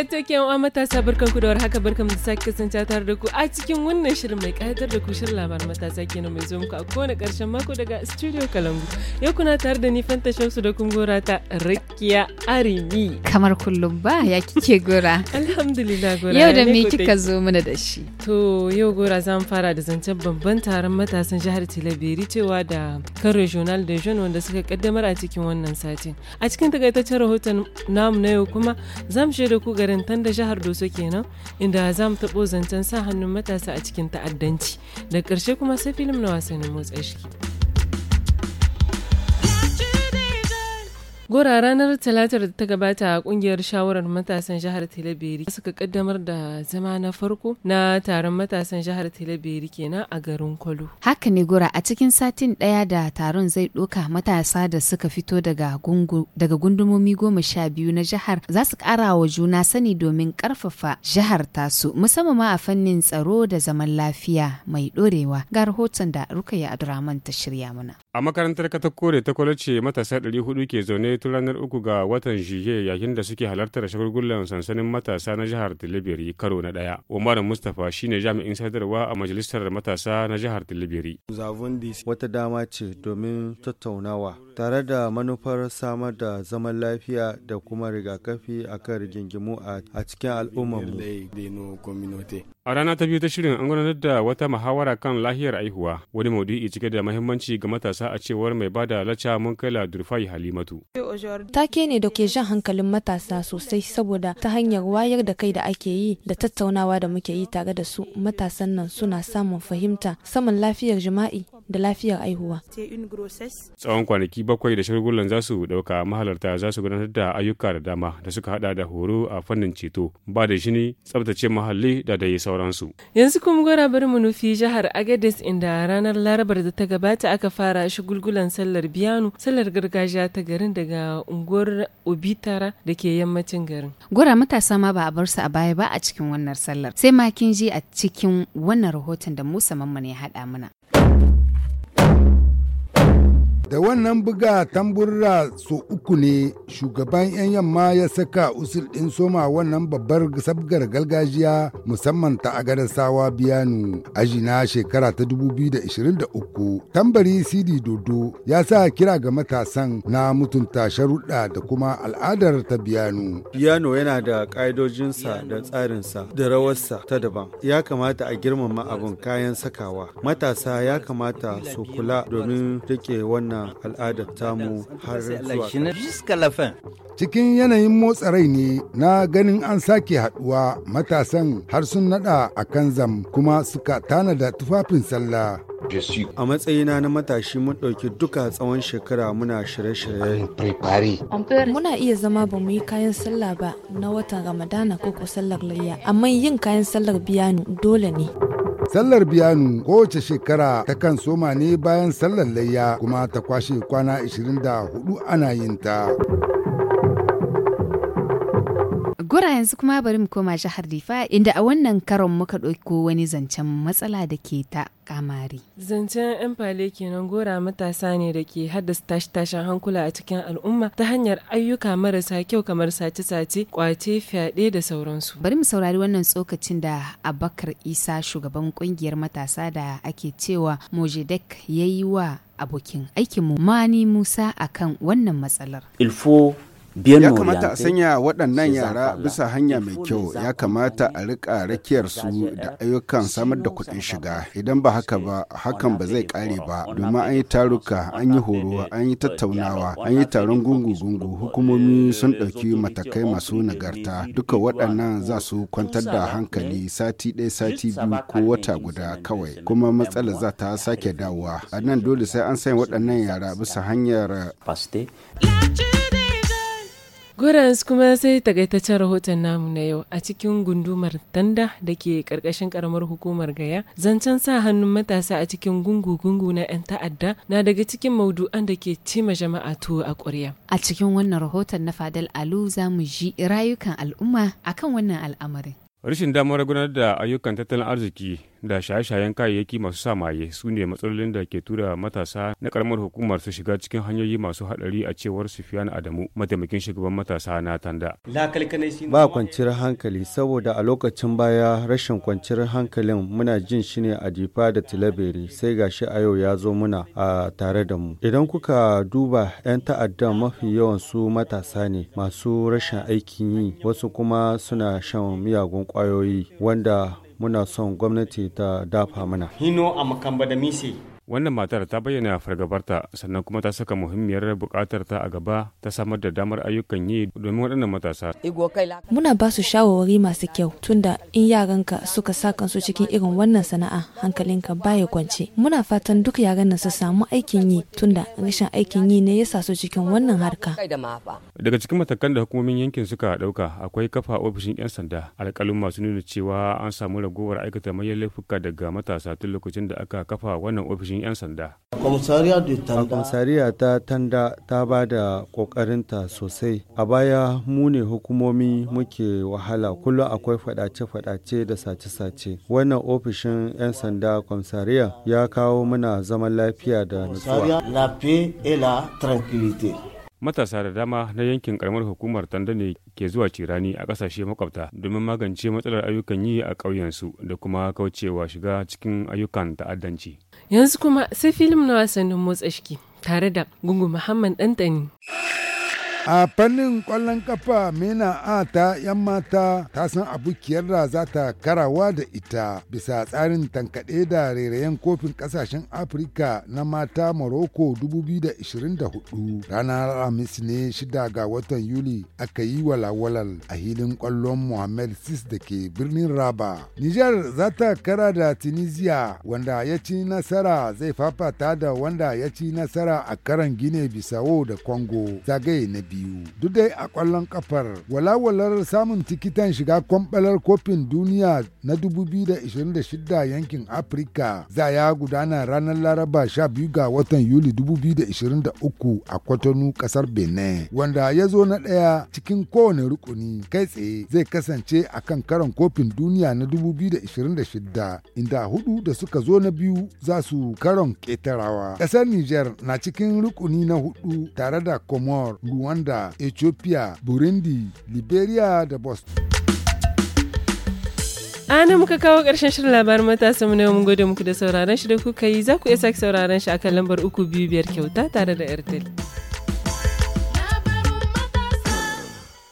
Katokiyan wa matasa barkanku da warhaka barkan da sake kasance tare da ku a cikin wannan shirin mai kayatar da ku shirin labar matasa kenan mai zo muku a kowane karshen mako daga Studio Kalangu. Yau kuna tare da ni Fanta Shamsu da kun gora ta Rakiya Arimi. Kamar kullum ba ya kike gora. Alhamdulillah gora. Yau da me kika zo mana da shi? To yau gora za mu fara da zancen babban taron matasan jihar Tilabiri cewa da kan Regional da Jeune wanda suka kaddamar a cikin wannan satin. A cikin takaitaccen rahoton namu na yau kuma za mu shaida ku ga makarantar da jihar Doso kenan inda za mu taɓo zancen sa hannun matasa a cikin ta'addanci. Da ƙarshe kuma sai filim na wasannin motsa shi. Gora ranar Talatar da ta gabata a kungiyar shawarar matasan jihar Talabiri suka kaddamar da zama na farko na taron matasan jihar Talabiri kenan a garin Kwalo. Haka ne Gora a cikin satin ɗaya da taron zai doka matasa da suka fito daga gungu daga gundumomi goma sha biyu na jihar za su kara wa juna sani domin karfafa jihar tasu musamman ma a fannin tsaro da zaman lafiya mai dorewa ga rahoton da Rukaya Abdurrahman ta shirya mana. A makarantar Katakore ta kwalace matasa 400 ke zaune tun ranar uku ga watan Juye yayin da suke halartar shagulgulan sansanin matasa na jihar Tilibiri karo na ɗaya. Umar Mustapha shine jami'in sadarwa a majalisar matasa na jihar Tilibiri. Wata dama ce domin tattaunawa tare da manufar samar da zaman lafiya da kuma rigakafi a kan rigingimu a cikin al'ummarmu. A rana ta biyu ta shirin an gudanar da wata muhawara kan lahiyar aihuwa wani maudu'i cike da mahimmanci ga matasa a cewar mai bada lacca mun la Durfai Halimatu. Take ne da ke jan hankalin matasa sosai saboda ta hanyar wayar da kai da ake yi da tattaunawa da muke yi tare da su matasan nan suna samun fahimta saman lafiyar jima'i da lafiyar aihuwa. Tsawon kwanaki bakwai da shagulgulan za su ɗauka mahalarta za su gudanar da ayyuka da dama da suka hada da horo a fannin ceto ba da shini tsabtace muhalli da dai sauransu. Yanzu kuma gora bari mu nufi jihar Agadez inda ranar Larabar da ta gabata aka fara shagulgulan sallar biyanu sallar gargajiya ta garin daga unguwar Obitara da ke yammacin garin. gora matasa ma ba a bar su a baya ba a cikin wannan sallar sai ma kin ji a cikin wannan rahoton da Musa Mamman ya haɗa mana. da wannan buga tamburra so uku ne shugaban 'yan yamma ya saka usul ɗin soma wannan babbar sabgar galgajiya musamman ta agadar sawa biyanu ajina shekara ta 2023 tambari cd dodo ya sa kira ga matasan na mutunta sharuɗa da kuma al'adar ta biyanu biyano yana da ƙa'idojinsa da tsarinsa da rawarsa ta daban ya kamata a girmama abin kayan sakawa matasa ya kamata su kula domin rike wannan wannan al'adar tamu har zuwa Cikin yanayin motsa rai ne na ganin an sake haduwa matasan har sun nada a kan zam kuma suka tanada tufafin sallah. A matsayina na matashi mun ɗauki duka tsawon shekara muna shirye-shirye. Muna iya zama ba mu yi kayan sallah ba na watan Ramadana ko ko sallar layya, amma yin kayan sallar biyanu dole ne. Sallar biyanu kowace shekara ta kan soma ne bayan sallar layya kuma ta kwashe kwana 24 ana yin ta. yanzu kuma bari mu koma jihar Rifa inda a wannan karon muka ɗauko wani zancen matsala da ke ta kamari. Zancen 'yan fale kenan gora matasa ne da ke haddasa tashi-tashin hankula a cikin al'umma ta hanyar ayyuka marasa kyau kamar sace-sace, kwace, fyaɗe da sauransu. Bari mu saurari wannan tsokacin da Abakar Isa shugaban kungiyar matasa da ake cewa Mojedek ya yi wa abokin aikinmu Mani Musa akan wannan matsalar. Ilfo ya kamata a sanya waɗannan yara bisa hanya mai kyau ya kamata a riƙa rakiyar su da ayyukan samar da kuɗin shiga idan ba haka ba hakan ba zai ƙare ba domin an yi taruka an yi horo an yi tattaunawa an yi taron gungu-gungu hukumomi sun ɗauki matakai masu nagarta duka waɗannan za su kwantar da hankali sati ɗaya sati biyu ko wata guda kawai kuma matsala za ta sake dawowa a nan dole sai an sanya waɗannan yara bisa hanyar Gurans kuma sai takaitaccen rahoton namu na yau a cikin gundumar tanda da ke karkashin karamar hukumar gaya zancen sa hannun matasa a cikin gungu-gungu na 'yan ta'adda na daga cikin maudu'an da ke cima jama'a tuwo a kurya. A cikin wannan rahoton na Fadal Alu za mu ji rayukan al'umma akan wannan al'amarin. Rashin damar gudanar da ayyukan tattalin arziki da shaye-shayen kayayyaki masu sa maye su ne matsalolin da ke tura matasa na karamar hukumar su shiga cikin hanyoyi masu hadari a cewar Sufiyan Adamu mataimakin shugaban matasa na Tanda. Ba kwanciyar hankali saboda a lokacin baya rashin kwanciyar hankalin muna jin shi ne a difa da tilaberi sai gashi a yau ya zo muna a tare da mu. Idan kuka duba 'yan ta'adda mafi yawan su matasa ne masu rashin aikin yi wasu kuma suna shan miyagun kwayoyi wanda muna son gwamnati ta dafa mana. Hino a makamba da misi wannan matar ta bayyana fargabarta sannan kuma ta saka muhimmiyar bukatar ta a gaba ta samar da damar ayyukan yi domin waɗannan matasa muna ba su shawarwari masu kyau tunda in yaranka suka sa kansu cikin irin wannan sana'a hankalinka baya kwance muna fatan duk yaran nan su samu aikin yi tunda rashin aikin yi ne ya sa su cikin wannan harka daga cikin matakan da hukumomin yankin suka ɗauka akwai kafa ofishin 'yan sanda alƙalin masu nuna cewa an samu ragowar aikata manyan laifuka daga matasa tun lokacin da aka kafa wannan ofishin 'yan sanda. A kwamsariya ta tanda ta ba da ƙoƙarinta sosai. A baya mu ne hukumomi muke wahala kullum akwai faɗace-faɗace da sace-sace. Wannan ofishin 'yan sanda kwamsariya ya kawo muna zaman lafiya da nutsuwa. matasa da dama na yankin karamar hukumar tanda ne ke zuwa cirani a kasashe makwabta domin magance matsalar ayyukan yi a ƙauyensu da kuma kaucewa shiga cikin ayyukan ta'addanci yanzu kuma sai filim na wasannin motsa shiki tare da gungu muhammad ɗanɗani a fannin kwallon kafa mena a ta yan mata ta san abokiyar da za ta karawa da ita bisa tsarin tankaɗe da rairayen kofin ƙasashen afirka na mata morocco 2024 ranar alhamis ne shida ga watan yuli aka yi walawalal a hilin kwallon mohamed sis da ke birnin raba nijar za ta kara da tunisia wanda ya ci nasara zai fafata da wanda ya ci nasara a karan gine bisawo da Kongo zagaye na biyu biyu duk dai a kwallon kafar walawalar samun tikitan shiga kwambalar kofin duniya na 2026 yankin afirka za ya gudana ranar laraba 12 ga watan yuli 2023 a kwatanu kasar benin wanda ya zo na ɗaya cikin kowane rukuni kai tsaye zai kasance a kan karon kofin duniya na 2026 inda hudu da suka zo na biyu za su karon ƙetarawa ƙasar niger na cikin rukuni na hudu tare da comor ruwan rwanda ethiopia burundi liberia da boston ana muka kawo ƙarshen shirin labarin matasa mu na yau mun gode muku da sauraron shi da kuka yi za ku iya sake sauraron shi akan lambar uku biyu biyar kyauta tare da airtel